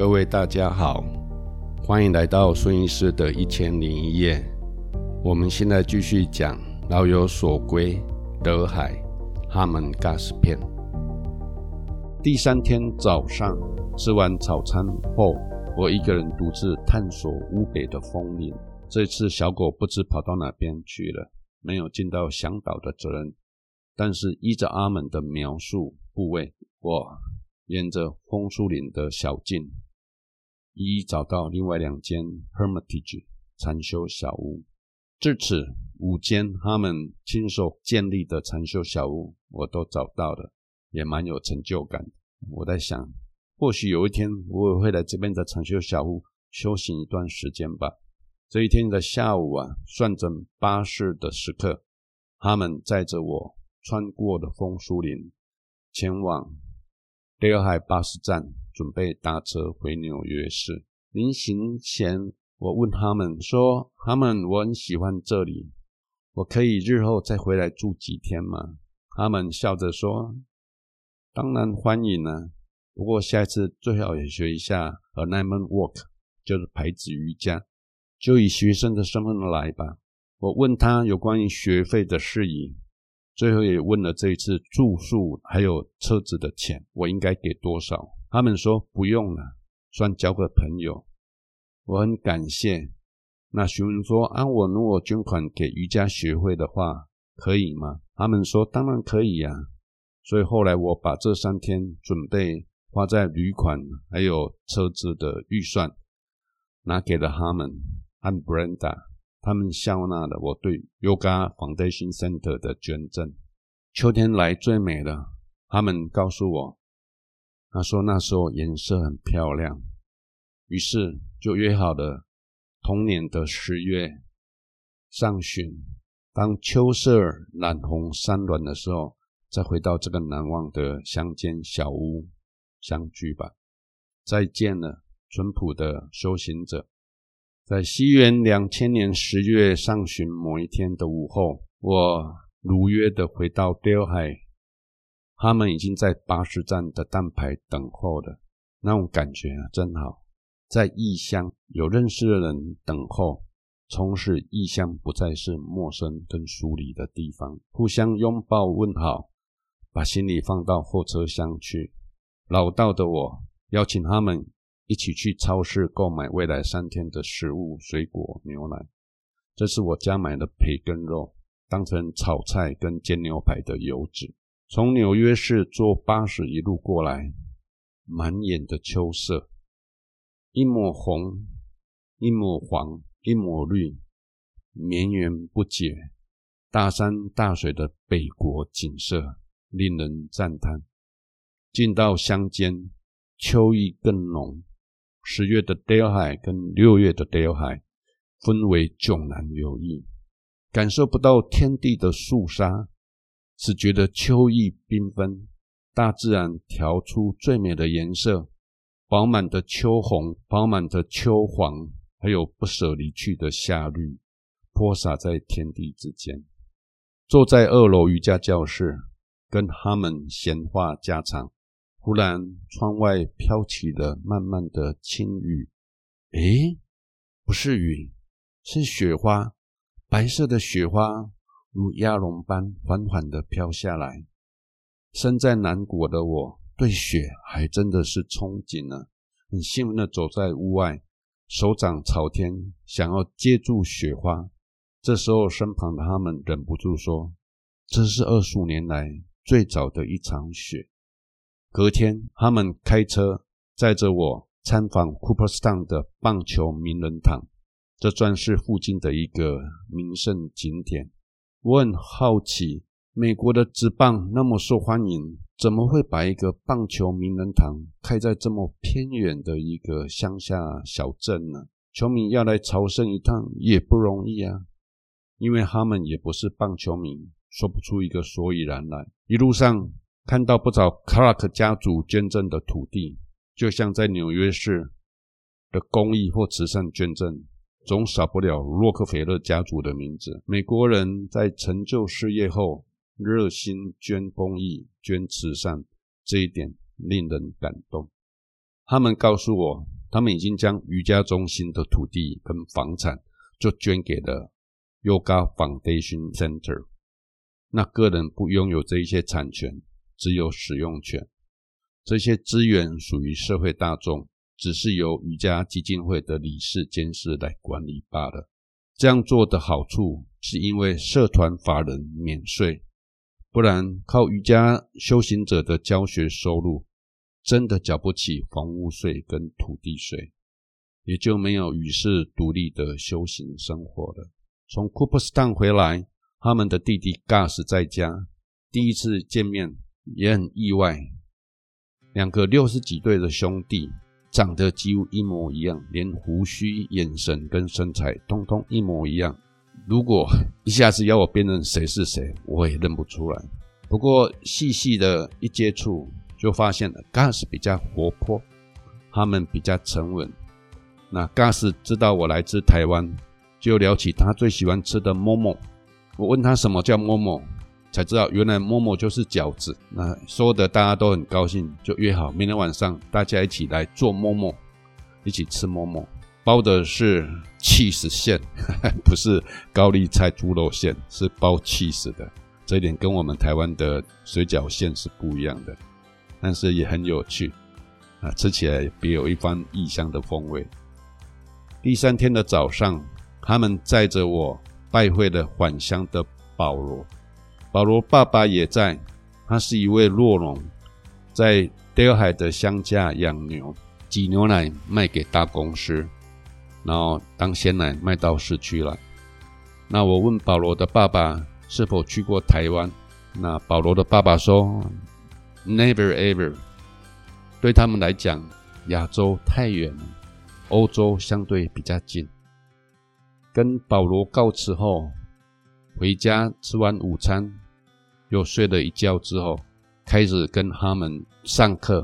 各位大家好，歡迎來到孫醫師的一千零一夜。我們現在繼續講《老有所歸》德亥哈門尬斯篇。第三天早上吃完早餐後，我一個人獨自探索屋北的楓林。這次小狗不知跑到哪邊去了，沒有盡到嚮導的責任。但是依着阿門的描述部位，我沿着楓樹林的小徑。一一找到另外兩間 Hermitage 禪修小屋，至此五間他們親手建立的禪修小屋我都找到了，也蠻有成就感。我在想，或許有一天我也會來這邊的禪修小屋修行一段時間吧。這一天的下午啊，算準巴士的時刻，他們載着我穿過了楓樹林，前往德亥巴士站。準備搭車回紐約市。臨行前，我問他們說：“哈門，我很喜歡這裡，我可以日後再回來住幾天嗎？”他們笑着說：“當然歡迎了、啊，不過下一次最好也學一下 Alignment walk，就是排直瑜珈，就以學生的身份來吧。”我問他有關於學費的事宜，最後也問了這一次住宿還有車子的錢，我應該給多少？他們說不用了，算交個朋友，我很感謝。那詢問說，按、啊、我如果捐款給瑜伽學會的話，可以嗎？他們說當然可以呀、啊。所以後來我把這三天準備花在旅館還有車子的預算，拿給了他們。按 Brenda，他們笑納了我對 Yoga Foundation Center 的捐贈。秋天來最美了，他們告訴我。他說那時候顏色很漂亮，於是就約好了同年的十月上旬，當秋色染紅山巒的時候，再回到這個難忘的鄉間小屋相聚吧。再見了，淳樸的修行者。在西元兩千年十月上旬某一天的午後，我如約的回到德亥。他們已經在巴士站的站牌等候了，那種感覺啊，真好。在異鄉有認識的人等候，從此異鄉不再是陌生跟疏離的地方。互相擁抱問好，把行李放到貨車廂去。老道的我邀請他們一起去超市購買未來三天的食物、水果、牛奶。這是我家買的培根肉，當成炒菜跟煎牛排的油脂。從紐約市坐巴士一路過來，滿眼的秋色，一抹紅，一抹黃，一抹綠，綿延不絕。大山大水的北國景色令人讚嘆。進到鄉間，秋意更濃。十月的德亥跟六月的德亥，氛圍迥然有異。感受不到天地的肅殺。只覺得秋意繽紛，大自然調出最美的顏色，飽滿的秋紅，飽滿的秋黃，還有不捨離去的夏綠，潑灑在天地之間。坐在二樓瑜伽教室，跟他們閒話家常，忽然窗外飄起了慢慢的輕雨，誒，不是雨，是雪花，白色的雪花。如鴨絨般緩緩的飄下來。身在南國的我，對雪還真的是憧憬呢、啊。很興奮的走在屋外，手掌朝天，想要接住雪花。這時候，身旁的他們忍不住說：“這是二十五年來最早的一場雪。”隔天，他們開車載着我參訪 Cooperstown 的棒球名人堂，這算是附近的一個名勝景點。我很好奇，美國的職棒那麼受歡迎，怎麼會把一個棒球名人堂開在這麼偏遠的一個鄉下小鎮呢？球迷要來朝聖一趟也不容易啊，因為他們也不是棒球迷，說不出一個所以然來。一路上看到不少克拉克家族捐贈的土地，就像在紐約市的公益或慈善捐贈。總少不了洛克菲勒家族的名字。美國人，在成就事業後，熱心捐公益、捐慈善，這一點令人感動。他們告訴我，他們已經將瑜伽中心的土地跟房產，就捐給了 Yoga Foundation Center。那個人不擁有這一些產權，只有使用權。這些資源屬於社會大眾。只是由瑜伽基金會的理事監事來管理罷了。這樣做的好處是因為社團法人免稅，不然靠瑜伽修行者的教學收入，真的繳不起房屋稅跟土地稅，也就沒有與世獨立的修行生活了。從 Cooperstown 回來，他們的弟弟 Gus 在家，第一次見面也很意外，兩個六十幾歲的兄弟。長得幾乎一模一樣，連鬍鬚、眼神跟身材通通一模一樣。如果一下子要我辨認誰是誰，我也認不出來。不過細細的一接觸，就發現了尬斯比較活潑，他們比較沉穩。那尬斯知道我來自台灣，就聊起他最喜歡吃的 momo。我問他什麼叫 momo？才知道原來饃饃就是餃子，那說的大家都很高興，就約好明天晚上大家一起來做饃饃，一起吃饃饃。包的是 cheese 餡，不是高麗菜豬肉餡，是包 cheese 的，這一點跟我們台灣的水餃餡是不一樣的，但是也很有趣，啊，吃起來也別有一番異鄉的風味。第三天的早上，他們載着我拜會了返鄉的保羅。保羅爸爸也在，他是一位酪農，在德亥的鄉下養牛，擠牛奶賣給大公司，然後當鮮奶賣到市區來。那我問保羅的爸爸是否去過台灣，那保羅的爸爸說：never ever。對他們來講，亞洲太遠了，歐洲相對比較近。跟保羅告辭後，回家吃完午餐，又睡了一覺之後，開始跟他們上課。